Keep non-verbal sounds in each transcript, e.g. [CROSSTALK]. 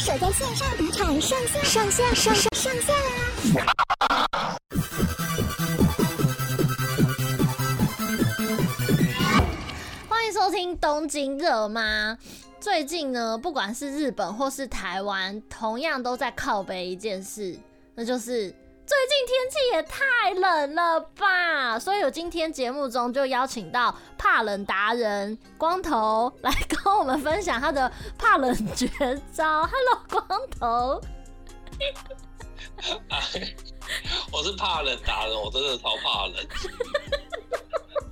守在線上賭場上下上下上上，上下啦、啊！啊、歡迎收聽《東京熱嗎》？最近呢，不管是日本或是台灣，同樣都在靠北一件事，那就是。最近天氣也太冷了吧，所以我今天節目中就邀請到怕冷達人光頭來跟我們分享他的怕冷絕招。Hello，光頭， [LAUGHS] 我是怕冷達人，我真的超怕冷，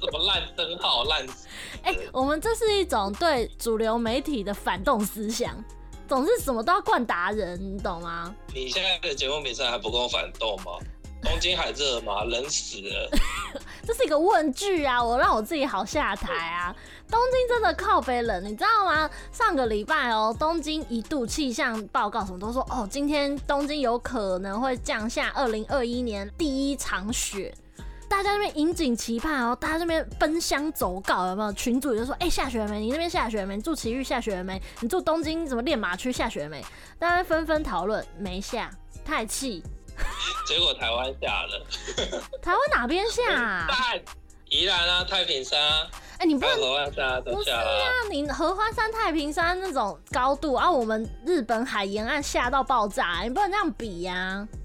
怎麼爛燈號、爛……哎，我們這是一種對主流媒體的反動思想。總是什麼都要冠達人，你懂嗎？你現在的節目名稱還不夠反動嗎？東京還熱嗎？冷死了！ [LAUGHS] 這是一個問句啊，我讓我自己好下台啊。東京真的靠北冷，你知道嗎？上個禮拜哦，東京一度氣象報告什麼都說哦，今天東京有可能會降下二零二一年第一場雪。大家這邊引頸期盼哦、喔，大家這邊奔相走告有沒有？群主就說：哎、欸，下雪沒？你那邊下雪沒？你住埼玉，下雪沒？你住東京怎麼練馬區下雪沒？大家紛紛討論，沒下，太氣。結果台灣下了， [LAUGHS] 台灣哪邊下、啊？ [LAUGHS] 宜蘭啊，太平山啊。啊哎、欸，你不能、啊、要要要不是啊！你合歡山、太平山那種高度，啊，我們日本海沿岸下到爆炸，你不能這樣比呀、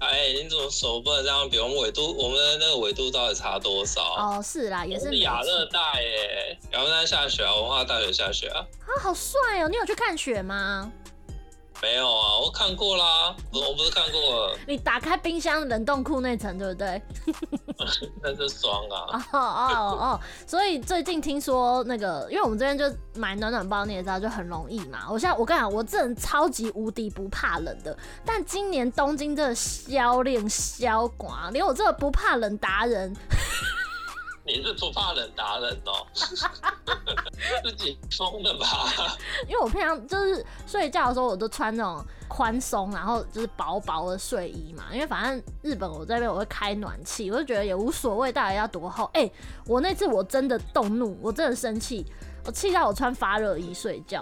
啊！哎，你怎麼說不能這樣比？我們緯度，我們的那個緯度到底差多少？哦，是啦，也是亞熱帶耶，台灣山下雪啊，文化大學下雪啊，啊，好帥哦！你有去看雪嗎？沒有啊，我看過啦，啊，我不是看過了。你打開冰箱冷凍庫那層，對不對？ [LAUGHS] 那是霜啊。哦哦哦，所以最近聽說那個，因為我們這邊就買暖暖包，你也知道，就很容易嘛。我現在我跟你講，我這人超級無敵不怕冷的，但今年東京這銷量銷光，連我這個不怕冷達人。你是不怕冷達人喔？ [LAUGHS] 自己鬆的吧？因為我平常就是睡覺的時候，我都穿那種寬鬆，然後就是薄薄的睡衣嘛。因為反正日本我在這邊我會開暖氣，我就覺得也無所謂，大概要多厚。哎，我那次我真的動怒，我真的生氣，我氣到我穿發熱衣睡覺。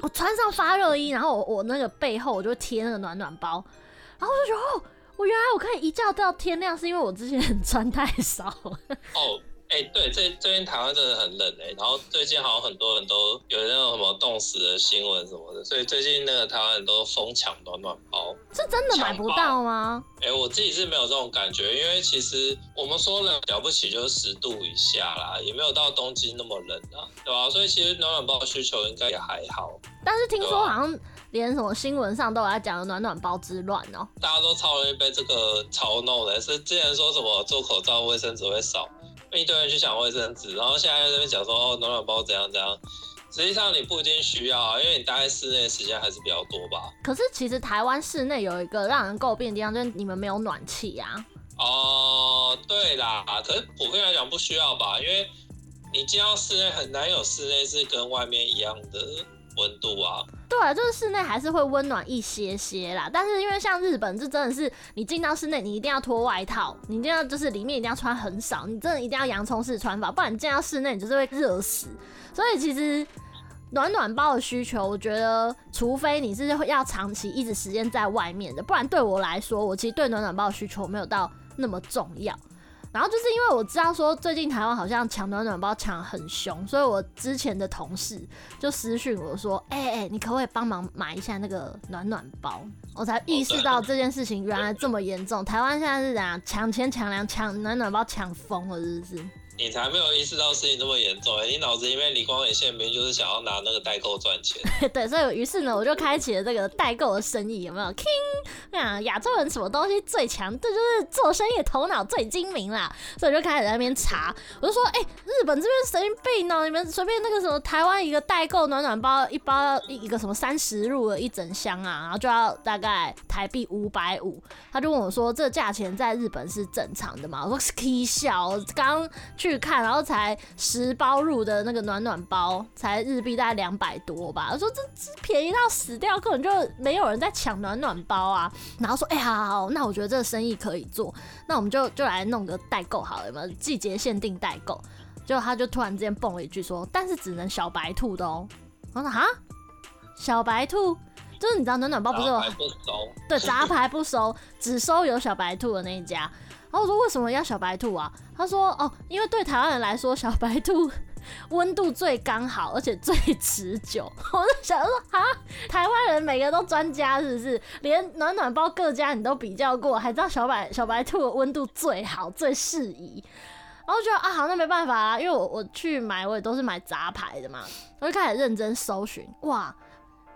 我穿上發熱衣，然後我我那個背後我就貼那個暖暖包，然後我就覺得哦。我原來我可以一覺到天亮，是因為我之前很穿太少。哦，哎，對，最近台灣真的很冷哎、欸，然後最近好像很多人都有那種什麼凍死的新聞什麼的，所以最近那個台灣人都瘋搶暖暖包，是真的買不到嗎？哎、欸，我自己是沒有這種感覺，因為其實我們說了了不起就是十度以下啦，也沒有到東京那麼冷啊，對吧、啊？所以其實暖暖包的需求應該也還好。但是聽說好像、啊。連什麼新聞上都有在講的暖暖包之亂哦、喔，大家都超容易被這個嘲弄的，是之前說什麼做口罩衛生紙會少，一堆人去搶衛生紙，然後現在在這邊講說、哦、暖暖包怎樣怎樣，實際上你不一定需要，因為你待在室內時間還是比較多吧。可是其實台灣室內有一個讓人詬病的地方，就是你們沒有暖氣啊。哦、呃，對啦，可是普遍來講不需要吧，因為你進到室內很難有室內是跟外面一樣的。溫度啊，對啊，就是室內還是會溫暖一些些啦。但是因為像日本，這真的是你進到室內，你一定要脫外套，你一定要就是裡面一定要穿很少，你真的一定要洋蔥式穿法，不然你進到室內你就是會熱死。所以其實暖暖包的需求，我覺得除非你是要長期一直時間在外面的，不然對我來說，我其實對暖暖包的需求沒有到那麼重要。然後就是因為我知道說最近台灣好像搶暖暖包搶很凶，所以我之前的同事就私訊我說：“哎、欸、哎，你可不可以幫忙買一下那個暖暖包？”我才意識到這件事情原來這麼嚴重。台灣現在是怎樣搶錢搶糧搶暖暖包搶瘋了，是不是？你才沒有意識到事情這麼嚴重哎！你腦子因為李光宇現名就是想要拿那個代購賺錢， [LAUGHS] 對，所以於是呢，我就開啟了這個代購的生意，有沒有？King，亞洲人什麼東西最強？這就是做生意頭腦最精明啦。所以就開始在那邊查。我就說，哎，日本這邊神經病喔，你們隨便那個什麼台灣一個代購暖暖包，一包一一個什麼三十入了一整箱啊，然後就要大概台幣五百五。他就問我說，這價錢在日本是正常的嗎？我說是 K 笑，剛。去看，然後才十包入的那個暖暖包，才日幣大概兩百多吧。說這這便宜到死掉，可能就沒有人在搶暖暖包啊。然後說，哎、欸，好好，好，那我覺得這個生意可以做，那我們就就來弄個代購好了，有沒有季節限定代購？就他就突然之間蹦了一句說，但是只能小白兔的哦。我說哈，小白兔，就是你知道暖暖包不是有對，雜牌不收， [LAUGHS] 只收有小白兔的那一家。然後我說：“為什麼要小白兔啊？”他說：“哦，因為對台灣人來說，小白兔溫度最剛好，而且最持久。 [LAUGHS] ”我就想說：“啊，台灣人每個都專家是不是？連暖暖包各家你都比較過，還知道小白小白兔的溫度最好、最適宜。”然後覺得啊，好，那沒辦法啊，因為我我去買，我也都是買雜牌的嘛。我就開始認真搜尋，哇！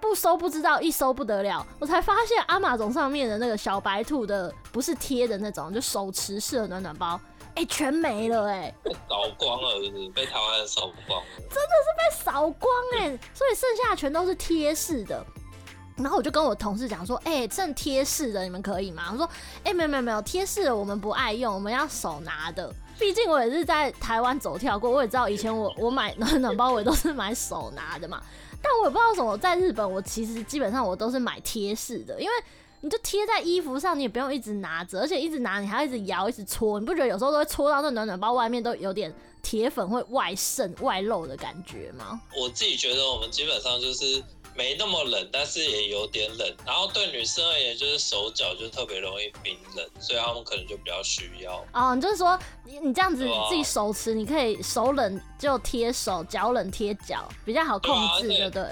不收不知道，一收不得了。我才發現 Amazon 上面的那個小白兔的，不是貼的那種，就手持式的暖暖包，哎、欸，全沒了，哎、欸，掃光了，是被台灣人掃光了，就是、光了真的是被掃光哎、欸。所以剩下的全都是貼式的。然後我就跟我同事講說，哎、欸，剩貼式的你們可以嗎？我說，哎、欸，沒有沒有沒有貼式的，我們不愛用，我們要手拿的。畢竟我也是在台灣走跳過，我也知道以前我我買暖暖包，我也都是買手拿的嘛。但我也不知道什麼，在日本我其實基本上我都是買貼式的，因為你就貼在衣服上，你也不用一直拿着，而且一直拿你還要一直搖，一直搓，你不覺得有時候都會搓到那暖暖包外面都有點鐵粉會外滲、外露的感覺嗎？我自己覺得我們基本上就是。沒那麼冷，但是也有點冷。然後對女生而言，就是手腳就特別容易冰冷，所以他們可能就比較需要。哦，你就是說你你這樣子自己手持，你可以手冷就貼手，腳冷貼腳，比較好控制，對，對不，啊，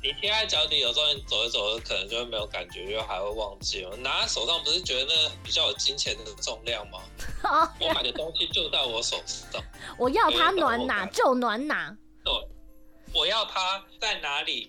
對？你貼在腳底，有時候你走着走着可能就會沒有感覺，因為還會忘記。我拿在手上不是覺得那個比較有金錢的重量嗎？ [LAUGHS] 我買的東西就在我手上，我要它暖哪對就暖哪。對，我要它在哪裡？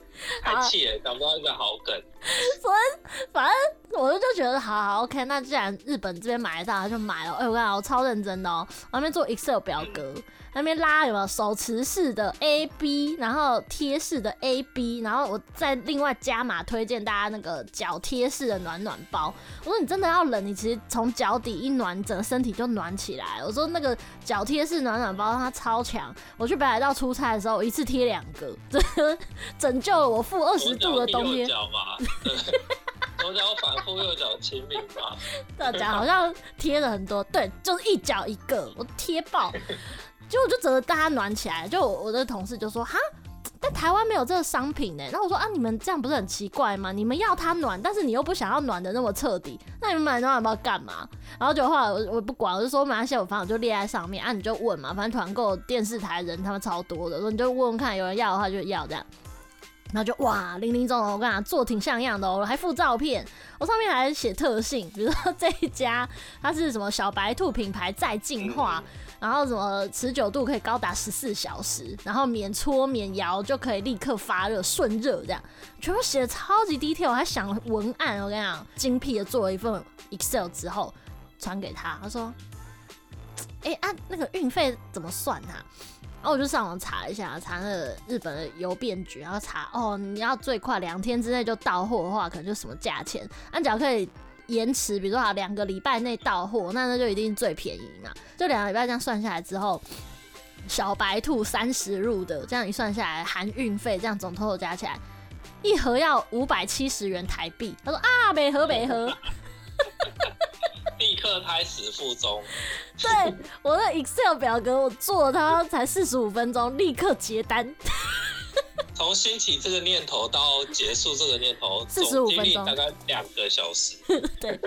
太氣、啊、了，想不到一個好梗。所以 [LAUGHS] 反正我就覺得好好 OK，那既然日本這邊買得到，就買了。哎、欸，我跟你講，我超認真的哦、喔。那邊做 Excel 表格，那邊、嗯、拉有沒有手持式的 AB，然後貼式的 AB，然後我再另外加碼推薦大家那個腳貼式的暖暖包。我說你真的要冷，你其實從腳底一暖，整個身體就暖起來。我說那個腳貼式暖暖包它超強。我去北海道出差的時候，我一次貼兩個，拯 [LAUGHS] 拯救。我負二十度的東西，左腳 [LAUGHS] 反覆，右腳親民吧。大家好像貼了很多，對，就是一腳一個，我貼爆。結 [LAUGHS] 果我就覺得大家暖起來，就我的同事就說：“哈，在台灣沒有這個商品呢。”然後我說：“啊，你們這樣不是很奇怪嗎？你們要它暖，但是你又不想要暖的那麼徹底，那你們買暖寶寶幹嘛？”然後就後來我我不管，我就說買那些我反正就列在上面啊，你就問嘛，反正團購電視台人他們超多的，所以你就問問看，有人要的話就要這樣。然後就哇，林林總總，我跟你講，做挺像樣的哦，我還附照片，我上面還寫特性，比如說這一家它是什麼小白兔品牌再進化，然後什麼持久度可以高達十四小時，然後免搓免搖就可以立刻發熱順熱這樣，全部寫的超級 detail，我還想文案，我跟你講，精闢的做了一份 Excel 之後傳給他，他說，哎，啊那個運費怎麼算啊？然後我就上網查一下，查那個日本的郵便局，然後查哦，你要最快兩天之內就到貨的話，可能就什麼價錢。啊、假如可以延遲，比如說兩個禮拜內到貨，那那就一定是最便宜嘛、啊。就兩個禮拜這樣算下來之後，小白兔三十入的，這樣一算下來含運費，這樣總 total 加起來一盒要五百七十元台幣。他說啊，每盒每盒。 [LAUGHS] 立刻開始附中對，對我的 Excel 表格，我做了它才四十五分鐘，立刻結單。 [LAUGHS] 從興起這個念頭到結束這個念頭，四十五分鐘，大概兩個小時。分 [LAUGHS] 對，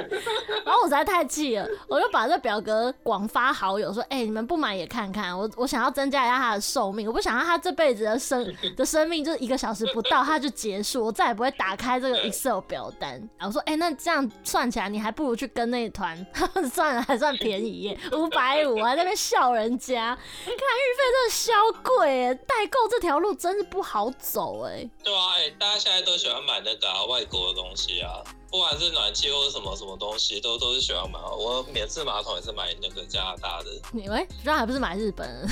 然後我實在太氣了，我就把這表格廣发好友說：“哎、欸，你們不買也看看，我我想要增加一下他的壽命，我不想要他這輩子的生 [LAUGHS] 的生命就是一個小時不到他就結束，我再也不會打開這個 Excel 表單。”然後說：“哎、欸，那這樣算起來，你還不如去跟那一团 [LAUGHS] 算了，還算便宜，五百五還在那邊笑人家。你看運費真的超貴，代購這條路真的。”不好走哎、欸，對啊，哎、欸，大家現在都喜歡買那個啊，外國的東西啊，不管是暖氣或者什麼什麼東西，都都是喜歡買。我免治馬桶也是買那個加拿大的，你喂、欸，居然還不是買日本？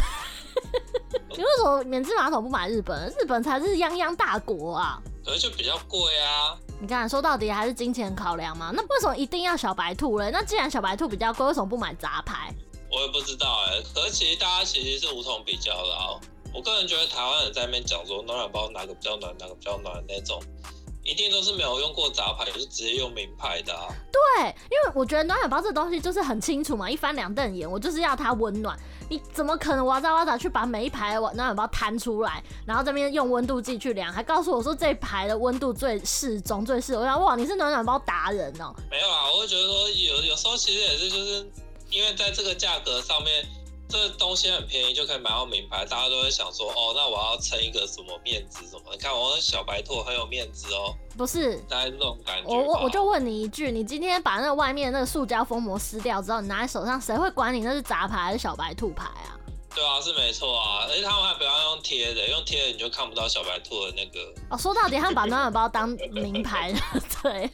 [LAUGHS] 你為什麼免治馬桶不買日本？日本才是泱泱大國啊，可是就比較貴啊。你剛才說到底還是金錢考量嘛？那為什麼一定要小白兔嘞？那既然小白兔比較貴，為什麼不買雜牌？我也不知道哎、欸，可是其實大家其實是無從比較老、喔。我個人覺得，台灣人在那邊講說暖暖包哪個比較暖，哪個比較暖的那種，一定都是沒有用過雜牌，也就是直接用名牌的啊。對，因為我覺得暖暖包這個東西就是很清楚嘛，一翻兩瞪眼，我就是要它溫暖，你怎麼可能哇塞哇塞去把每一排的暖暖包攤出來，然後這邊用溫度計去量，還告訴我說這一排的溫度最適中、最適，我想哇，你是暖暖包達人哦、喔？沒有啊，我會覺得說有有時候其實也是就是因為在這個價格上面。這個東西很便宜，就可以買到名牌。大家都會想說，哦，那我要撐一個什麼面子，什麼的？你看我小白兔很有面子哦，不是？大家那種感覺。我我我就問你一句，你今天把那個外面的那個塑膠封膜撕掉之後，你拿在手上，誰會管你那是雜牌還是小白兔牌啊？對啊，是沒錯啊，而且他們還不要用貼的，用貼的你就看不到小白兔的那個。哦，說到底，他們把暖暖包當名牌了， [LAUGHS] 對。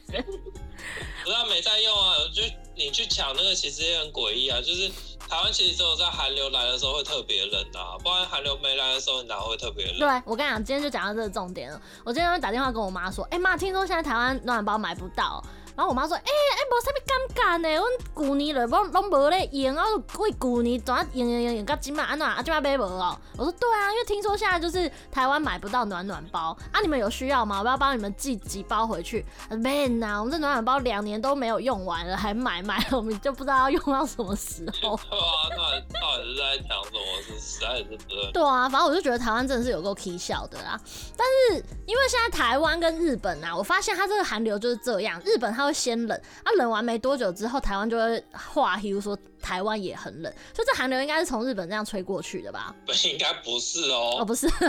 不要、啊、沒在用啊，就你去搶那個，其實也很詭異啊，就是。台灣其實只有在寒流來的時候會特別冷啊，不然寒流沒來的時候，你哪會特別冷？對，我跟你講，今天就講到這個重點了。我今天會打電話跟我媽說，哎、欸、媽，聽說現在台灣暖包買不到。然後我媽說：“哎、欸、誒，無啥物尷尬呢？阮去年了，攏攏無咧用啊！過去年轉用用用用到即馬，安怎啊？即馬買無哦？”我說：“對啊，因為聽說現在就是台灣買不到暖暖包啊！你們有需要嗎？我要幫你們寄幾包回去、啊。”“man 啊，我們這暖暖包兩年都沒有用完了，還買買，我們就不知道要用到什麼時候。”“對啊，那到底是在講什麼？實在是不能。”“對啊，反正我就覺得台灣真的是有夠可笑的啦！但是因為現在台灣跟日本啊，我發現它這個寒流就是這樣，日本它……”會先冷，那、啊、冷完沒多久之後，台灣就會話譬如說台灣也很冷，所以這寒流應該是從日本這樣吹過去的吧？不應該不是，喔，哦，不是。 [LAUGHS] [LAUGHS]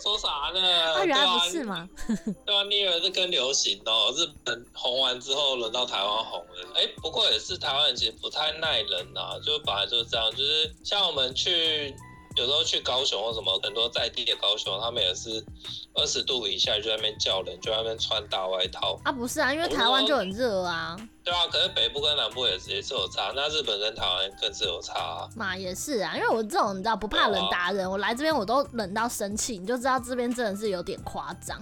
說啥呢？啊啊，原來不是嗎？ [LAUGHS] 對，啊？對啊，你以為是更流行哦，喔？日本紅完之後，輪到台灣紅了。哎、欸，不過也是，台灣人其實不太耐冷啊，就本來就是這樣，就是像我們去。有時候去高雄或什麼，很多在地的高雄，他們也是二十度以下就在那邊叫冷，就在那邊穿大外套。啊，不是啊，因為台灣就很熱啊。對啊，可是北部跟南部也直接是有差，那日本跟台灣更是有差啊。嘛也是啊，因為我這種你知道不怕冷達人，啊、我來這邊我都冷到生氣，你就知道這邊真的是有點誇張。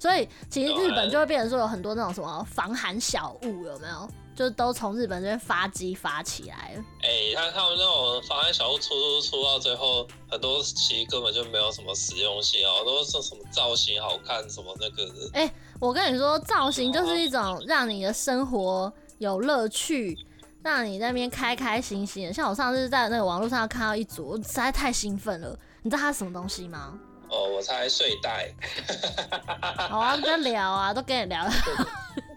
所以其實日本就會變成說有很多那種什麼防寒小物，有沒有？就都從日本這邊發機發起來了。哎、欸，他他們那種發些小物出出出到最後，很多其實根本就沒有什麼實用性哦，都是什麼造型好看，什麼那個。哎、欸，我跟你說，造型就是一種讓你的生活有樂趣，讓你那邊開開心心的。像我上次在那個網絡上看到一組，我實在太興奮了。你知道它是什麼東西嗎？哦，我猜睡袋。 [LAUGHS] 好啊，在聊啊， [LAUGHS] 都跟你聊了。 [LAUGHS]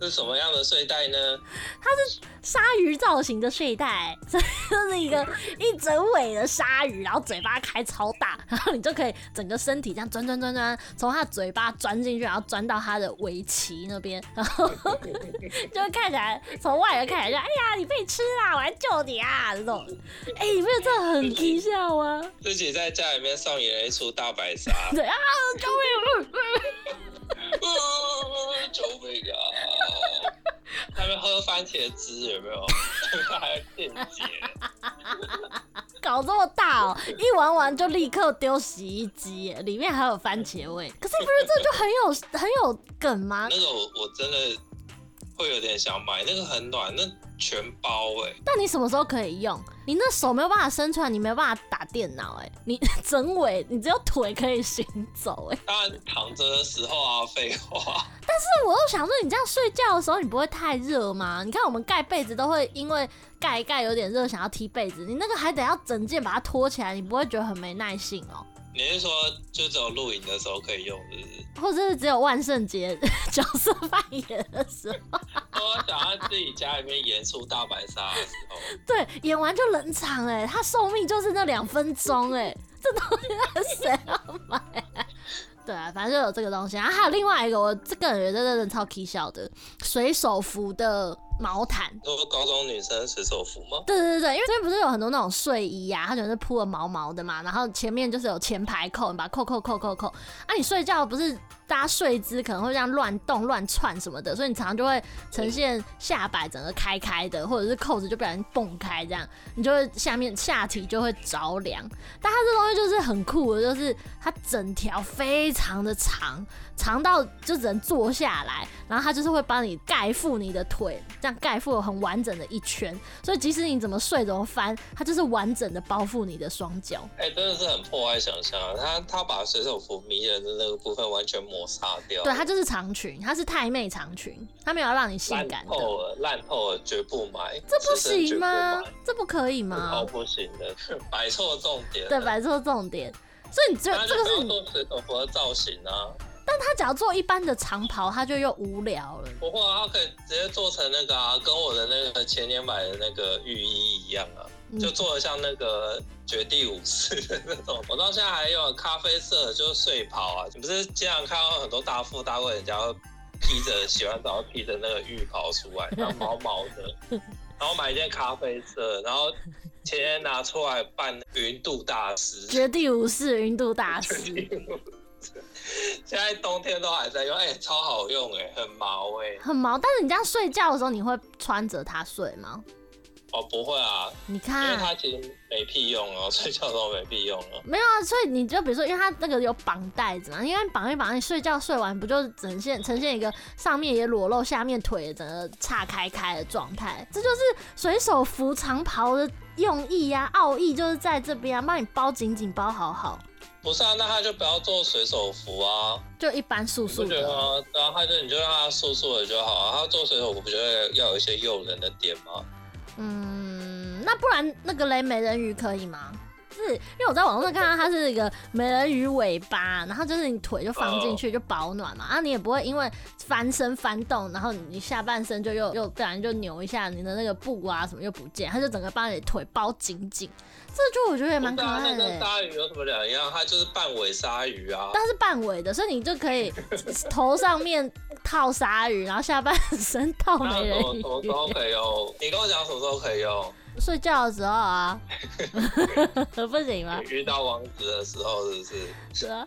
是什麼樣的睡袋呢？它是鯊魚造型的睡袋，欸，這是一個一整尾的鯊魚，然後嘴巴開超大，然後你就可以整個身體這樣鑽鑽鑽鑽，從它嘴巴鑽進去，然後鑽到它的尾鰭那邊，然後 [LAUGHS] 就會看起來從外人看起來就，哎呀，你被你吃啦，我來救你啊！嗯、這種哎、欸，你不覺得很低笑嗎？自己在家裡面上演一出大白鯊。 [LAUGHS] 對啊，救命！ [LAUGHS] 救命呀，他們、 [LAUGHS] 啊、喝番茄汁有沒有？他還要電解，搞這麼大哦！一玩完就立刻丟洗衣機，裡面還有番茄味。可是不是這就很有很有梗嗎？ [LAUGHS] 那個我我真的，會有點想買那個很暖，那全包哎、欸。那你什麼時候可以用？你那手沒有辦法伸出來，你沒有辦法打電腦哎、欸。你整尾，你只有腿可以行走哎、欸。當然躺着的時候啊，廢話。但是我又想說，你這樣睡覺的時候，你不會太熱嗎？你看我們蓋被子都會因為蓋一蓋有點熱，想要踢被子。你那個還得要整件把它拖起來，你不會覺得很沒耐性哦、喔？你是說就只有露營的時候可以用，是不是？或者是只有萬聖節角色扮演的時候？ [LAUGHS] 想要自己家裡面演出大白鯊的時候， [LAUGHS] 對，演完就冷場哎、欸，他壽命就是那兩分鐘哎、欸， [LAUGHS] 這東西誰要，要買、啊？對啊，反正就有這個東西啊，還有另外一個，我這個人真的超搞笑的，水手服的。毛毯，那不高中女生水手服嗎？對對對，因為這邊不是有很多那種睡衣呀、啊，它全是鋪了毛毛的嘛，然後前面就是有前排扣，你把它扣扣扣扣扣，啊，你睡覺不是大家睡姿可能會這樣亂動亂竄什麼的，所以你常常就會呈現下擺整個開開的，或者是扣子就不小心蹦開這樣，你就會下面下體就會着涼。但它這東西就是很酷的，就是它整條非常的長。長到就只能坐下來，然後他就是會幫你蓋覆你的腿，這樣蓋覆有很完整的一圈，所以即使你怎麼睡怎麼翻，它就是完整的包覆你的雙腳。哎、欸，真的是很破壞想象啊！他他把水手服迷人的那個部分完全抹殺掉。對，它就是長裙，它是太妹長裙，它沒有要讓你性感的。爛透了，爛透了，絕不買。這不行嗎？不這不可以嗎？哦，不行的，擺錯重點了。對，擺錯重點。所以你這這個是做水手服的造型啊。但他只要做一般的長袍，他就又無聊了。不過他、啊、可以直接做成那個、啊，跟我的那個前年買的那個浴衣一樣啊，嗯、就做的像那個絕地武士的那種。我到現在還有咖啡色，就是睡袍啊。你不是經常看到很多大富大貴人家披着洗完澡披着那個浴袍出來，然後毛毛的， [LAUGHS] 然後買一件咖啡色，然後前天拿出來扮雲度大師、絕地武士、雲度大師。現在冬天都還在用，哎、欸，超好用哎、欸，很毛哎、欸，很毛。但是你這樣睡覺的時候，你會穿着它睡嗎？哦，不會啊。你看，因為它其實沒屁用哦，睡覺時候沒屁用哦。沒有啊，所以你就比如說，因為它那個有綁帶子嘛，因為綁一綁，你睡覺睡完不就呈現呈現一個上面也裸露，下面腿也整個岔開開的狀態？這就是水手服長袍的用意呀、啊，奧義就是在這邊啊，幫你包緊緊包好好。不是啊，那他就不要做水手服啊，就一般素素的啊。對啊，他就你就讓他素素的就好啊。他做水手服，不覺得要有一些誘人的點嗎？嗯，那不然那個雷美人魚可以嗎？是因為我在網上看到它是一個美人魚尾巴，然後就是你腿就放進去就保暖嘛、啊，然後、oh. 啊、你也不會因為翻身翻動，然後你下半身就又又不然就扭一下你的那個布啊什麼又不見，他就整個把你的腿包緊緊。這就我覺得也蠻可愛的。那跟大魚有什麼兩樣？它就是半尾鯊魚啊。但是半尾的，所以你就可以頭上面套鯊魚，然後下半身套美人魚。那什麼什麼時候可以用？你跟我講什麼時候可以用？睡覺的時候啊。不行嗎？遇到王子的時候是不是？是啊，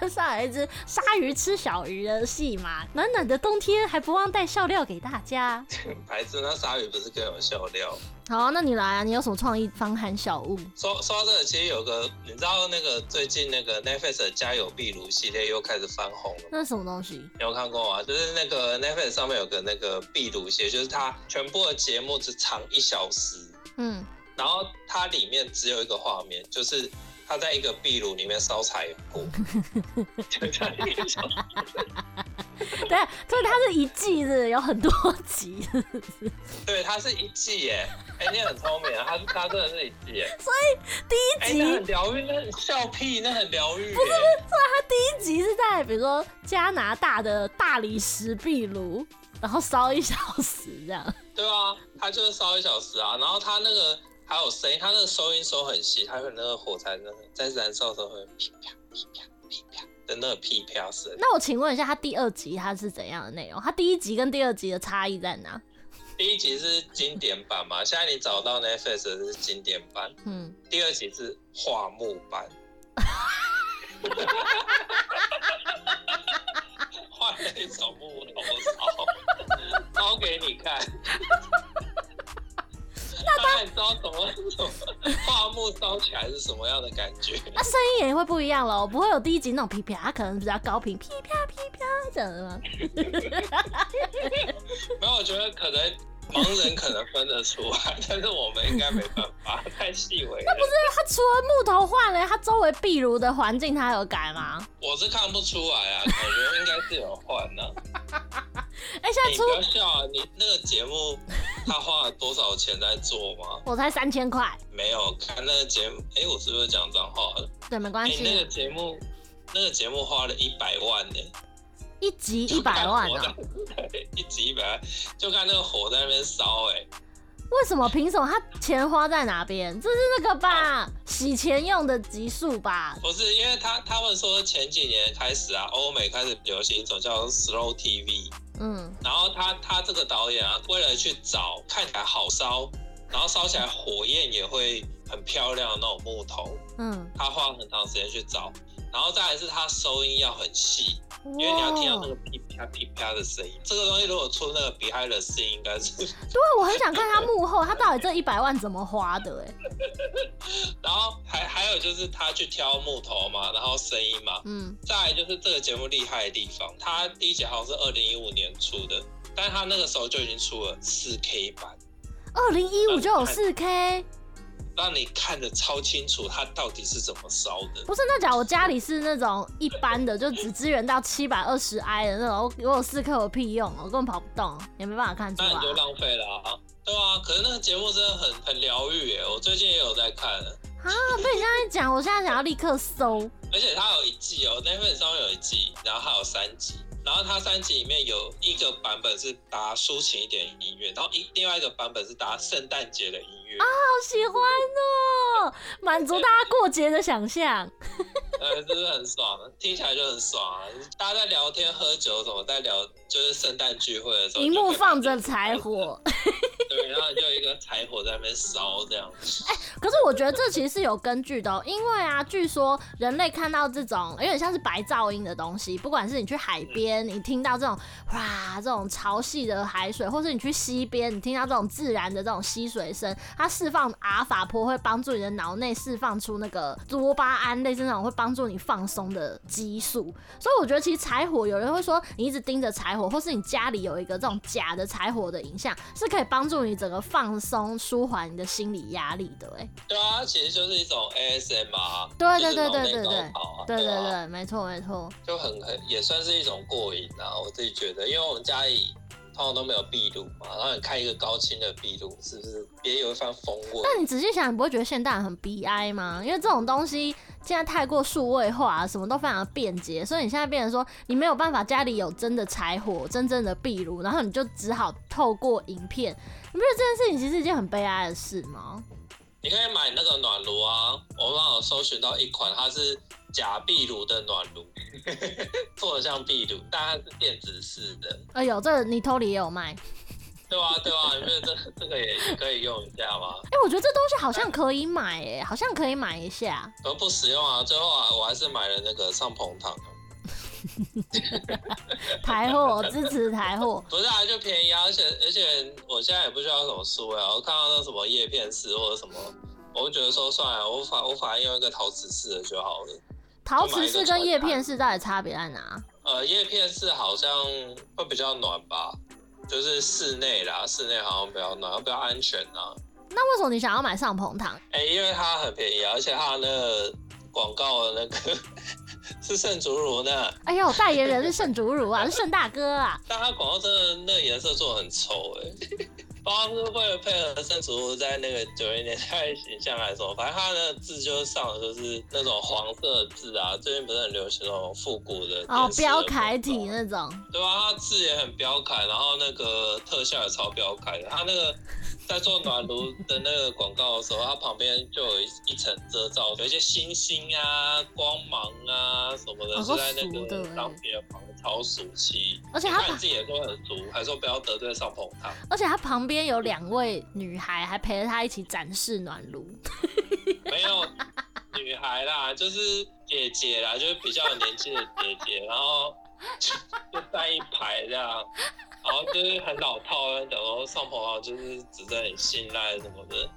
就上來一隻鯊魚吃小魚的戲嘛。暖暖的冬天還不忘帶笑料給大家。孩子，那鯊魚不是更有笑料？好、啊，那你來啊！你有什麼創意？防寒小物。說說到這個，其實有個你知道那個最近那個 Netflix 的家有壁爐系列又開始翻紅了。那什麼東西？有，有看過嗎、啊？就是那個 Netflix 上面有個那個壁爐系列，就是它全部的節目只長一小時。嗯。然後它裡面只有一個畫面，就是它在一個壁爐裡面燒柴火， [LAUGHS] 就這樣一個小時。 [LAUGHS] 對， [LAUGHS] 所以他是一季是、是，是有很多集是、是。對，他是一季耶、欸。哎、欸，你很聰明、啊，它 [LAUGHS] 他，他真的是，一季、欸、所以第一集、欸、那很療癒，那很笑屁，那很療癒、欸。不是不是，他第一集是在比如說加拿大的大理石壁爐，然後燒一小時這樣。對啊，他就是燒一小時啊。然後他那個還有聲音，他那個收音收很細，他會那個火柴在燃燒的時候會，啪啪啪啪。啪啪真的屁那，那我請問一下，他第二集他是怎樣的內容？他第一集跟第二集的差異在哪？第一集是經典版嘛？ [LAUGHS] 現在你找到 Netflix 是經典版，嗯。第二集是畫木版，換了一種木頭，包 [LAUGHS] 給你看。 [LAUGHS] 那它燒什麼？什麼？樺木燒起來是什麼樣的感覺？ [LAUGHS] 那聲音也會不一樣了，不會有第一集那種噼啪，啪，它、啊、可能比較高頻，噼啪噼啪，啪，啪，怎麼？沒有，我覺得可能盲人可能分得出來，但是我們應該沒辦法，太細微。 [LAUGHS] 那不是它除了木頭換了，他周圍壁爐的環境他有改嗎？我是看不出來啊，我覺得應該是有換的、啊。 [LAUGHS] 哎、欸，現在你不要笑啊！你那個節目，他花了多少錢在做嗎？我才三千塊，沒有看那個節目。哎、欸，我是不是講髒話了？對，沒關係、欸。那個節目，那個節目花了一百萬呢、欸，一集一百萬啊、喔！一集一百萬，就看那個火在那邊燒、欸。哎，為什麼？憑什麼？他錢花在哪邊？這是那個吧，嗯、洗錢用的集數吧？不是，因為他他們說前幾年開始啊，歐美開始流行一種叫 Slow TV。嗯，然後他他這個導演啊，為了去找看起來好燒，然後燒起來火焰也會很漂亮的那種木頭，嗯，他花了很長時間去找。然後再來是他收音要很細，因為你要聽到那個噼啪噼啪，啪，啪，啪的聲音。這個東西如果出那個 behind the scene 的聲音，應該是。對，我很想看他幕後，他到底這一百萬怎麼花的哎、欸。 [LAUGHS] 然後還還有就是他去挑木頭嘛，然後聲音嘛，嗯。再來就是這個節目厲害的地方，他第一集好像是二零一五年出的，但他那個時候就已經出了四 K 版。二零一五就有四 K。讓你看得超清楚，它到底是怎麼燒的？不是那假如我家裡是那種一般的，對就只支援到七百二十 i 的那種，嗯、我有 4K，有屁用，我根本跑不動，也沒辦法看出來、啊。那你就浪費了、啊，對啊。可是那個節目真的很很療癒誒，我最近也有在看。啊，被你這樣講， [LAUGHS] 我現在想要立刻搜。而且它有一季哦，Netflix 上面有一季，然後還有三集，然後它三集裡面有一個版本是打抒情一點音樂，然後一另外一個版本是打聖誕節的音樂。啊、哦，好喜歡哦！滿足大家過節的想象，哎，這是很爽，聽起來就很爽、啊。大家在聊天喝酒什麼在聊就是聖誕聚會的時候，屏幕放着柴火，對，然後就一個柴火在那邊燒這樣子。哎、欸，可是我覺得這其實是有根據的、哦，因為啊，據說人類看到這種有點像是白噪音的東西，不管是你去海邊，你聽到這種、嗯、哇這種潮汐的海水，或是你去溪邊，你聽到這種自然的這種溪水聲。它釋放阿法波，會幫助你的腦內釋放出那個多巴胺，類似的那種會幫助你放鬆的激素。所以我覺得，其實柴火，有人會說你一直盯着柴火，或是你家裡有一個這種假的柴火的影像，是可以幫助你整個放鬆、舒緩你的心理壓力的。哎，對啊，其實就是一種 ASMR，對對對對對對對對沒錯沒錯，就很很也算是一種過癮啊。我自己覺得，因為我們家裡。然後都沒有壁爐嘛，然後你開一個高清的壁爐，是不是也有一番風味？但你仔細想，你不會覺得現代人很悲哀嗎？因為這種東西現在太過數位化，什麼都非常的便捷，所以你現在變成說你沒有辦法家裡有真的柴火，真正的壁爐，然後你就只好透過影片。你不覺得這件事情其實是一件很悲哀的事嗎？你可以買那個暖爐啊，我剛好搜尋到一款，它是。假壁爐的暖爐， [LAUGHS] 做的像壁爐，但它是電子式的。哎呦，這你偷里也有賣，對吧、啊？對吧、啊？因為這這個也可以用一下嘛。哎、欸，我覺得這東西好像可以買，哎、嗯，好像可以買一下。都不實用啊，最後、啊、我還是買了那個尚朋堂。 [LAUGHS] 台貨我支持台貨， [LAUGHS] 不是啊，就便宜、啊，而且而且我現在也不需要什麼書啊。我看到那什麼葉片式或者什麼，我就覺得說，算了，我反我反正用一個陶瓷式的就好了。陶瓷式跟葉片式到底差別在哪？呃，葉片式好像會比較暖吧，就是室內啦，室內好像比較暖，比較安全吶、啊。那為什麼你想要買尚朋堂？哎、欸，因為它很便宜啊，而且它那個廣告的那個是盛竹如呢。哎呦，代言人是盛竹如啊， [LAUGHS] 是聖大哥啊。但他廣告真的那顏色做得很醜哎、欸。主是為了配合鄭楚在那個九零年代的形象來說，反正他的字就上就是那種黃色的字啊。最近不是很流行那種復古的哦，標楷體那種，對吧、啊？他字也很標楷，然後那個特效也超標楷的，他那個。 [LAUGHS] 在做暖爐的那個廣告的時候， [LAUGHS] 他旁邊就有一層遮罩，有一些星星啊、光芒啊什麼的，的就在那個商品的旁邊超熟悉，而且他自己也，也說很熟，還說不要得罪商鵬他。而且他旁邊有兩位女孩，還陪着他一起展示暖爐。 [LAUGHS] 沒有女孩啦，就是姐姐啦，就是比較年輕的姐姐。 [LAUGHS] 然後。 [LAUGHS] [LAUGHS] 然後就是很老套，欸，然後上床就是只在你信賴什麼的。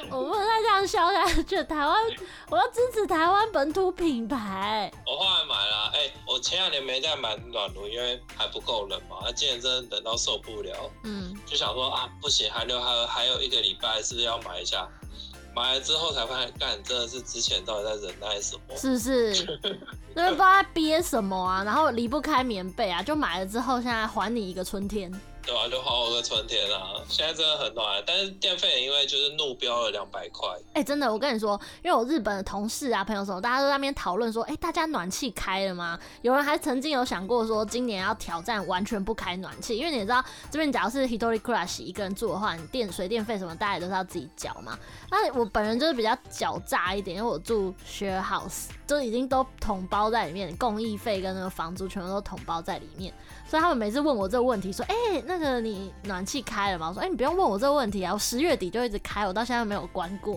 [LAUGHS] 我不再這樣笑，感覺台灣，對我要支持台灣本土品牌。我後來買了，哎，欸，我前兩年沒再買暖爐，因為還不夠冷嘛。那，啊，今年真的冷到受不了，嗯，就想說啊，不行，還留還還有一個禮拜，是不是要買一下？買了之後才發現，幹，真的是之前到底在忍耐什麼？是不是？ [LAUGHS] 就是不知道在憋什麼啊，然後離不開棉被啊，就買了之後，現在還你一個春天。對啊，就好好的春天啊。現在真的很暖。但是電費因為就是怒飆了兩百塊。哎、欸，真的，我跟你說，因為我日本的同事啊、朋友什麼，大家都在那邊討論說，哎、欸，大家暖氣開了嗎？有人還曾經有想過說，今年要挑戰完全不開暖氣，因為你知道這邊，假如是 Hitori Gurashi 一個人住的話，你電水電費什麼，大家也都是要自己繳嘛。那我本人就是比較狡詐一點，因為我住 Share House，就已經都統包在裡面，共益費跟那個房租全部都統包在裡面。所以他們每次問我這個問題，說：“哎、欸，那個你暖氣開了嗎？”我說：“哎、欸，你不用問我這個問題啊！我十月底就一直開，我到現在沒有關過。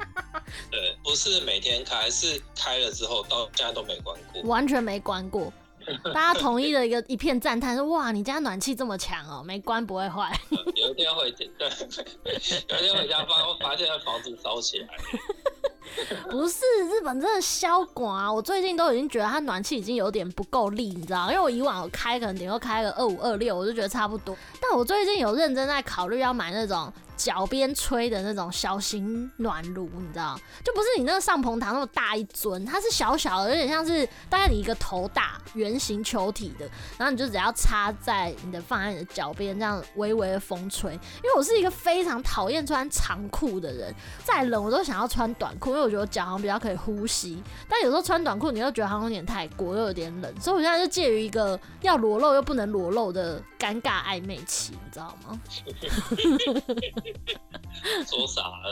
[LAUGHS] ”對，不是每天開，是開了之後到現在都沒關過，完全沒關過。大家同意了一個 [LAUGHS] 一片讚嘆，說：“哇，你家暖氣這麼強哦、喔，沒關不會壞。 [LAUGHS] ”有一天會，對，有一天回家發發現房子燒起來。 [LAUGHS] 不是，日本真的肖冷啊！我最近都已經覺得它暖氣已經有點不夠力，你知道，因為我以往我開可能頂多開個二五二六，我就覺得差不多。但我最近有認真在考慮要買那種。腳邊吹的那種小型暖爐，你知道，就不是你那個上棚堂那麼大一尊，它是小小的，有點像是大概你一個頭大圓形球體的，然後你就只要插在你的放在你的腳邊，這樣微微的風吹。因為我是一個非常討厭穿長褲的人，再冷我都想要穿短褲，因為我覺得腳好像比較可以呼吸。但有時候穿短褲，你又覺得好像有點太過，又有點冷，所以我現在就介於一個要裸露又不能裸露的尷尬曖昧期，你知道嗎？ [LAUGHS] [LAUGHS] 說啥呢？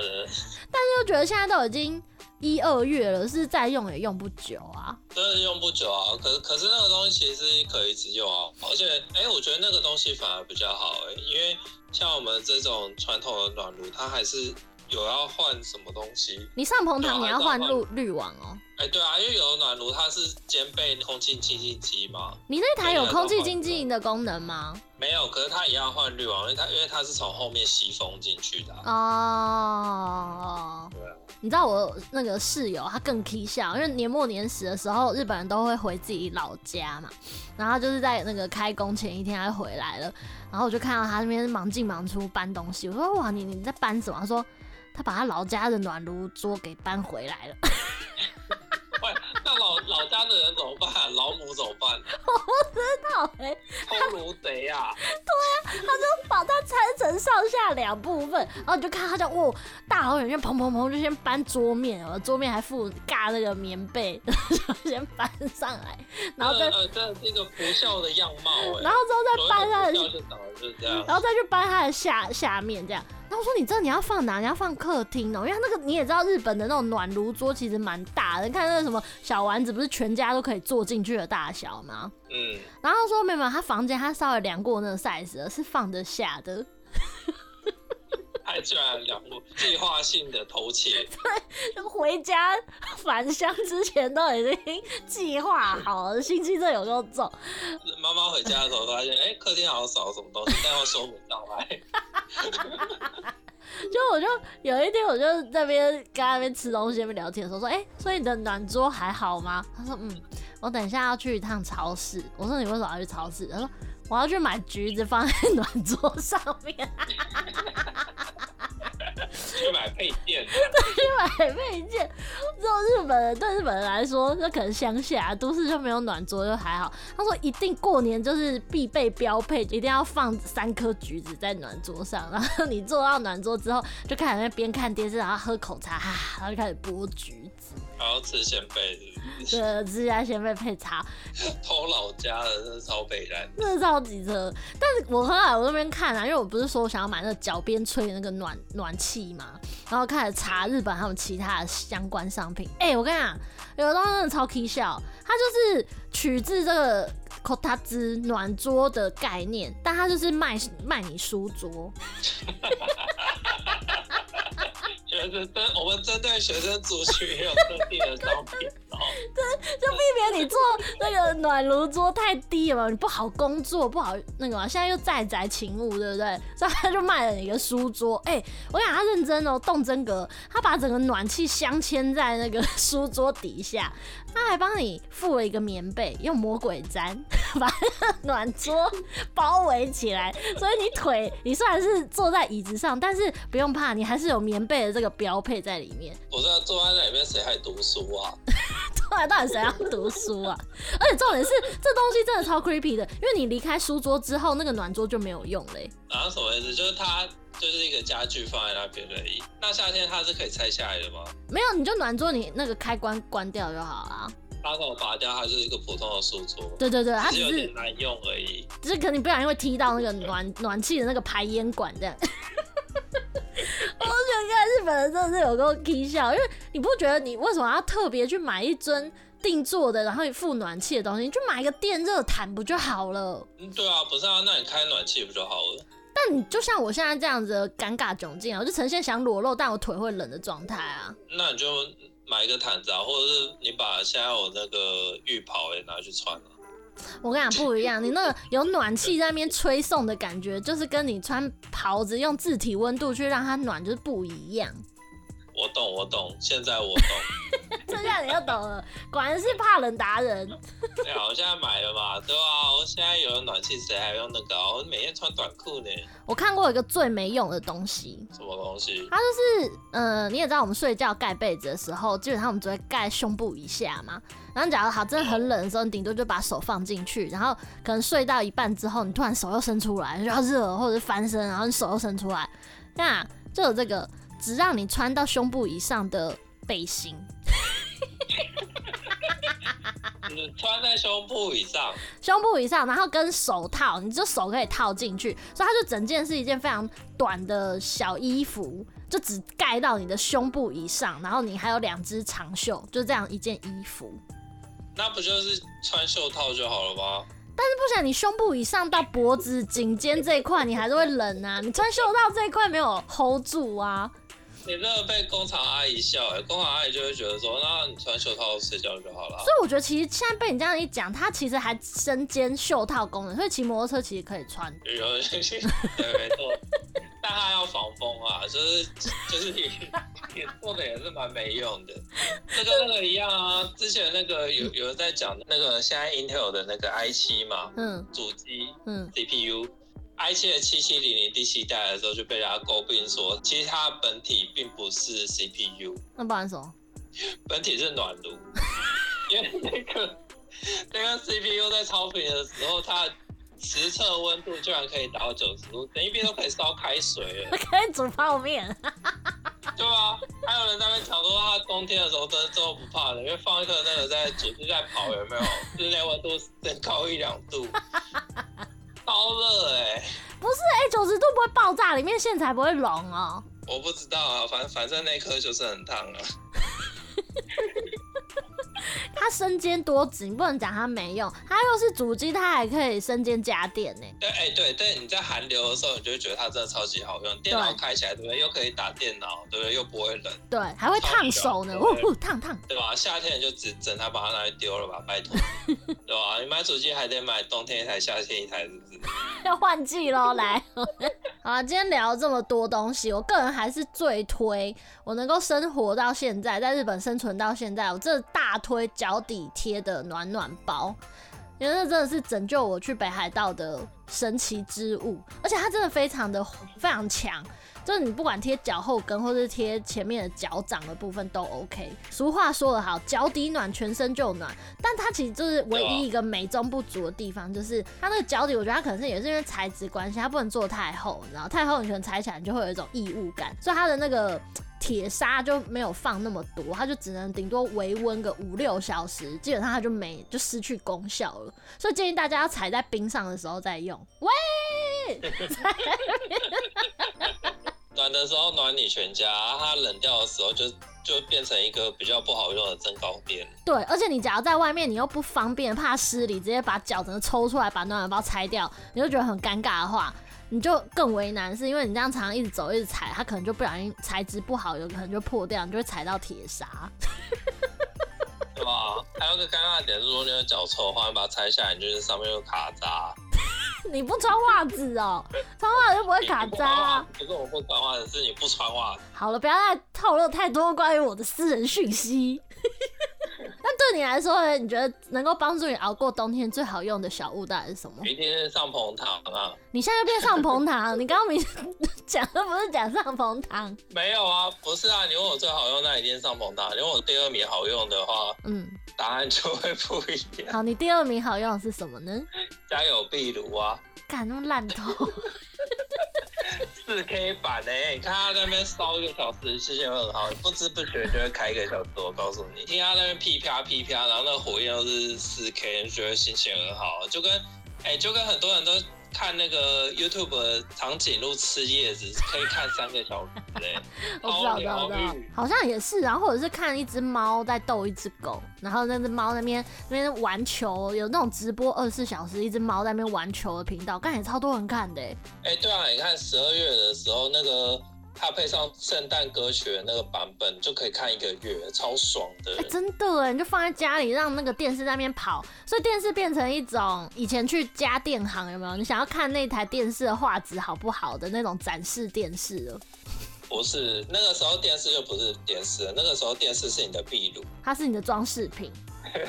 但是又覺得現在都已經一二月了，是再用也用不久啊。真的用不久啊！可是可是那個東西其實是可以一直用啊，而且哎、欸，我覺得那個東西反而比較好欸，因為像我們這種傳統的暖爐，它還是。有要換什麼東西？你上棚堂你要換濾濾網哦、喔。哎、欸，對啊，因為有暖爐它是兼備空氣清淨機嘛。你那台有空氣清淨的功能嗎？沒有，可是它也要換濾網，因為它因為它是從後面吸風進去的。哦對啊。你知道我那個室友他更搞笑，因為年末年始的時候日本人都會回自己老家嘛，然後就是在那個開工前一天還回來了，然後我就看到他那邊忙進忙出搬東西，我說哇，你你在搬什麼？他說。他把他老家的暖爐桌給搬回來了。 [LAUGHS] 喂,那老老家的人怎麼辦？老母怎麼辦？我不知道哎、欸，他偷羅賊啊！對啊，他就把它拆成上下兩部分， [LAUGHS] 然後你就看他講，哦，大老遠就砰砰砰，就先搬桌面，桌面還附蓋那個棉被，然後就先搬上來，然後再那、這個不孝的樣貌、欸、然後之後再搬他的，的是這樣，然後再去搬他的下下面這樣。然後我說：“你這你要放哪？你要放客廳哦，因為那個你也知道，日本的那種暖爐桌其實蠻大的。你看那個什麼小丸子，不是全家都可以坐進去的大小嗎？嗯。然後他說：‘沒有沒有，他房間他稍微量過那個 size 了，是放得下的。 [LAUGHS] ’”居然兩步計劃性的偷竊，在回家返鄉之前都已經計劃好了星期六有時候走。媽媽回家的時候發現，哎， [LAUGHS] 客廳好少什麼東西，但又收不到來。 [LAUGHS] [LAUGHS] 就我就有一天，我就在那邊跟那邊吃東西、邊聊天的時候說，哎、欸，所以你的暖桌還好嗎？他說，嗯，我等一下要去一趟超市。我說，你為什麼要去超市？他說。我要去買橘子，放在暖桌上面。去買配件，對 [LAUGHS] 去買配件。之後，日本人對日本人來說，那可能鄉下、啊、都市就沒有暖桌就還好。他說一定過年就是必備標配，一定要放三顆橘子在暖桌上。然後你坐到暖桌之後，就開始邊看電視，然後喝口茶，然後就開始剝橘。還要吃仙貝，對，吃家仙貝配茶。 [LAUGHS] 偷老家的，這是超北七，這是超級扯。但是我後來我這邊看啊，因為我不是說我想要買那個腳邊吹的那個暖暖氣嘛，然後開始查日本他們其他的相關商品。哎、欸，我跟你講，有的東西真的超搞笑，它就是取自這個 kotatsu 暖桌的概念，但它就是賣賣你書桌。 [LAUGHS] 學生、嗯嗯嗯，我們針對學生族群有特定要招別。哦，就就避免你坐那個暖爐桌太低了嗎，你不好工作不好那個嘛，現在又在宅勤務對不對？所以他就賣了一個書桌，哎、欸，我想他認真哦，動真格，他把整個暖氣鑲嵌在那個書桌底下，他還幫你附了一個棉被，用魔鬼氈把那個暖桌包圍起來，所以你腿你雖然是坐在椅子上，但是不用怕，你還是有棉被的這個。標配在裡面，我知道坐在那裡面誰還讀書啊？在 [LAUGHS] 到底誰要讀書啊？ [LAUGHS] 而且重點是，這東西真的超 creepy 的，因為你離開書桌之後，那個暖桌就沒有用了。欸，啊，什麼意思？就是它就是一個家具放在那邊而已。那夏天它是可以拆下來的嗎？沒有，你就暖桌，你那個開關關掉就好了，啊。插頭拔掉，它就是一個普通的書桌。對對對，它只是有點難用而已。只是，就是可能你不小心會踢到那個暖暖氣的那個排煙管這樣。本真的是有夠低效，因為你不覺得你為什麼要特別去買一尊定做的，然後你付暖氣的東西？你就買一個電熱毯不就好了、嗯？對啊，不是啊，那你開暖氣不就好了？但你就像我現在這樣子尷尬窘境啊，我就呈現想裸露，但我腿會冷的狀態啊。那你就買一個毯子啊，或者是你把現在我那個浴袍也拿去穿了、啊。我跟你講不一樣，你那個有暖氣在那邊吹送的感覺，就是跟你穿袍子用自體溫度去讓它暖，就是不一樣。我懂，我懂，現在我懂，這下 [LAUGHS] 你就懂了，果然是怕冷達人。對啊，我現在買了嘛，對啊，我現在有了暖氣，誰還用那個？我每天穿短褲呢。我看過一個最沒用的東西。什麼東西？它就是，呃，你也知道我們睡覺蓋被子的時候，基本上我們只會蓋胸部以下嘛。然後，假如好真的很冷的時候，你頂多就把手放進去。然後可能睡到一半之後，你突然手又伸出來，就要熱，或者是翻身，然後你手又伸出來，那就有這個只讓你穿到胸部以上的背心。 [LAUGHS] 穿在胸部以上，胸部以上，然後跟手套，你就手可以套進去，所以它就整件是一件非常短的小衣服，就只蓋到你的胸部以上，然後你還有兩只長袖，就這樣一件衣服。那不就是穿袖套就好了嗎？但是不想你胸部以上到脖子、頸肩這一塊，你還是會冷啊。你穿袖套這一塊沒有 hold 住啊。你如果被工廠阿姨笑，欸，哎，工廠阿姨就會覺得說，那你穿袖套睡覺就好了。所以我覺得其實現在被你這樣一講，它其實還身兼袖套功能，所以騎摩托車其實可以穿。有的對，沒錯， [LAUGHS] 但它要防風啊，就是就是你也， [LAUGHS] 也做的也是蠻沒用的，這 [LAUGHS] 跟那個一樣啊。之前那個有有人在講那個現在 Intel 的那個 i7 嘛，嗯，主機機，嗯，CPU。i7 7700第七代的時候就被大家詬病說，其實它本體並不是 CPU，那不然怎麼？本體是暖爐， [LAUGHS] 因為那個 [LAUGHS] 那個 CPU 在超頻的時候，它的實測溫度居然可以達到九十度，等一邊都可以燒開水，可以煮泡麵。 [LAUGHS] 對啊，還有人在那邊講說，它冬天的時候真的真的不怕的，因為放一個那個在主機在跑，有沒有室內溫度升高一兩度。 [LAUGHS] 超熱哎！不是哎，九十度不會爆炸，裡面線材不會熔哦。我不知道啊，反正反正那顆就是很燙啊。 [LAUGHS] [LAUGHS] 它身兼多職，你不能講它沒用。它又是主機，它還可以身兼家電呢。對，哎、欸，對，對，你在寒流的時候，你就會覺得它真的超級好用。電腦開起來，對不對？對又可以打電腦，對不對？又不會冷。對，還會燙手呢。哦，嗚燙燙。燙燙對吧？夏天你就只整它，把它拿來丟了吧，拜託。 [LAUGHS] 對吧？你買主機還得買冬天一台，夏天一台，是不是？ [LAUGHS] [LAUGHS] 要換季嘍，來。 [LAUGHS] 好啊，今天聊了這麼多東西，我個人還是最推我能夠生活到現在，在日本生存到現在，我這大。推腳底貼的暖暖包，因為這真的是拯救我去北海道的神奇之物，而且它真的非常的非常強，就是你不管貼腳後跟或是貼前面的腳掌的部分都 OK。俗話說得好，腳底暖全身就暖。但它其實就是唯一一個美中不足的地方，就是它那個腳底，我覺得它可能是也是因為材質關係，它不能做太厚，然後太厚你可能踩起來就會有一種異物感，所以它的那個。鐵砂就沒有放那麼多，它就只能頂多微溫個五六小時，基本上它就沒就失去功效了。所以建議大家要踩在冰上的時候再用。喂， [LAUGHS] [LAUGHS] 暖的時候暖你全家，它冷掉的時候就就變成一個比較不好用的增高墊。對，而且你假如在外面你又不方便，怕失禮，直接把腳整個抽出來，把暖暖包拆掉，你就覺得很尷尬的話。你就更為難，是因為你這樣常常一直走，一直踩，它可能就不小心材質不好，有可能就破掉，你就會踩到鐵砂。對吧？還有個尷尬點是，如果你有腳臭的話，你把它拆下來，你就是上面又卡渣。 [LAUGHS] 你不穿襪子哦，穿襪子就不會卡渣，啊。不是我不穿襪子，是你不穿襪子。好了，不要再透露太多關於我的私人訊息。那對你來說，欸，你覺得能夠幫助你熬過冬天最好用的小物大概是什麼？明天是上棚糖啊！你現在又變上棚糖？ [LAUGHS] 你剛剛明講的不是講上棚糖？沒有啊，不是啊。你問我最好用，那一定是上棚糖。你問我第二名好用的話，嗯，答案就會不一樣。好，你第二名好用的是什麼呢？家有壁爐啊！幹，那麼爛頭。 [LAUGHS] 4K 版，誒、欸，看他在那邊燒一個小時，心情很好，不知不覺就會開一個小時。我告訴你，聽他在那邊噼啪噼啪，然後那個火焰都是 4K，覺得心情很好，就跟，哎、欸，就跟很多人都。看那個 YouTube 長頸鹿吃葉子可以看三個小時。對，我知道，我知道，好、好、好像也是啊，然後或者是看一只貓在逗一只狗，然後那只貓那邊那邊玩球，有那種直播二十四小時一只貓在那邊玩球的頻道，剛才也超多人看的、欸。哎、欸，對啊，你看十二月的時候那個。它配上聖誕歌曲的那個版本，就可以看一個月，超爽的。哎、欸，真的哎，你就放在家裡，讓那個電視在那邊跑，所以電視變成一種以前去家電行有沒有？你想要看那台電視的畫質好不好？的那種展示電視了。不是，那個時候電視就不是電視，那個時候電視是你的壁爐，它是你的裝飾品。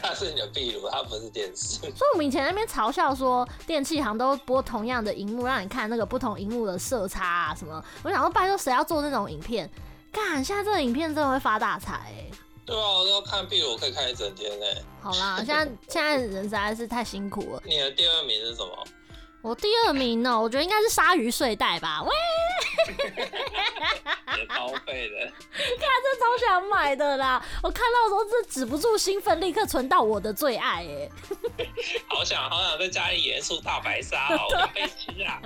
它是你的壁爐，它不是電視。 [LAUGHS] 所以我們以前那邊嘲笑說，電器行都播同樣的熒幕，讓你看那個不同熒幕的色差啊什麼。我想說拜託，誰要做這種影片？幹，現在這個影片真的會發大財、欸。對啊，我都要看壁爐可以看一整天呢。好啦，現在現在人實在是太辛苦了。 [LAUGHS] 你的第二名是什麼？我第二名哦，我覺得應該是鯊魚睡袋吧。喂，哈哈哈！的，看這超想買的啦。我看到的時候，是止不住興奮，立刻存到我的最愛、欸。哎，好想好想在家裡元素大白鯊哦，被 [LAUGHS] 對吃啊！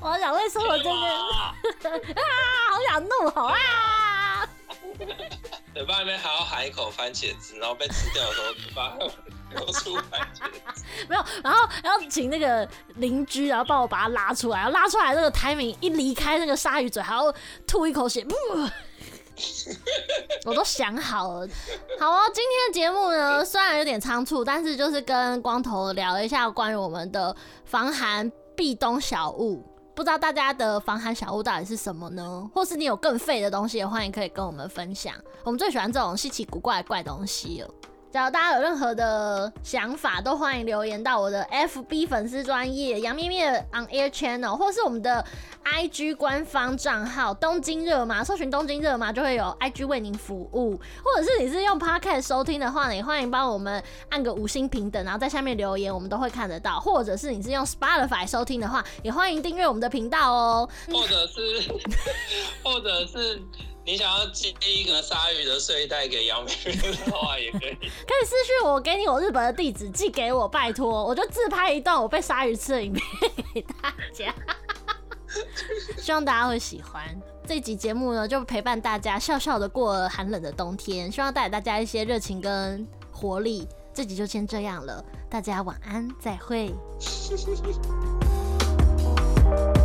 我好想被吃，我真的， [LAUGHS] 啊，好想怒吼啊！嘴巴裡面還要含一口番茄汁，然後被吃掉的時候，吃巴。 [LAUGHS] 沒有，然後然後請那個鄰居，然後幫我把它拉出來，然後拉出來，那個 timing 一離開那個鯊魚嘴，還要吐一口血， [LAUGHS] 我都想好了。好哦，今天的節目呢，雖然有點倉促，但是就是跟光頭聊一下關於我們的防寒避冬小物，不知道大家的防寒小物到底是什麼呢？或是你有更廢的東西也歡迎可以跟我們分享。我們最喜歡這種稀奇古怪的怪東西了。只要大家有任何的想法，都歡迎留言到我的 F B 粉絲專頁楊咪咪的 On Air Channel，或是我們的 I G 官方賬號東京熱馬，搜尋東京熱馬就會有 I G 為您服務。或者是你是用 Podcast 收聽的話呢，也歡迎幫我們按個五星評等，然後在下面留言，我們都會看得到。或者是你是用 Spotify 收聽的話，也歡迎訂閱我們的頻道哦、喔。或者是， [LAUGHS] 或者是。你想要寄第一個鯊魚的睡袋給姚明，明的話，也可以。 [LAUGHS] 可以私信我，給你我日本的地址，寄給我，拜託。我就自拍一段我被鯊魚吃的影片給大家， [LAUGHS] 希望大家會喜歡。這一集節目呢，就陪伴大家笑笑的過寒冷的冬天，希望帶給大家一些熱情跟活力。這集就先這樣了，大家晚安，再會。 [LAUGHS]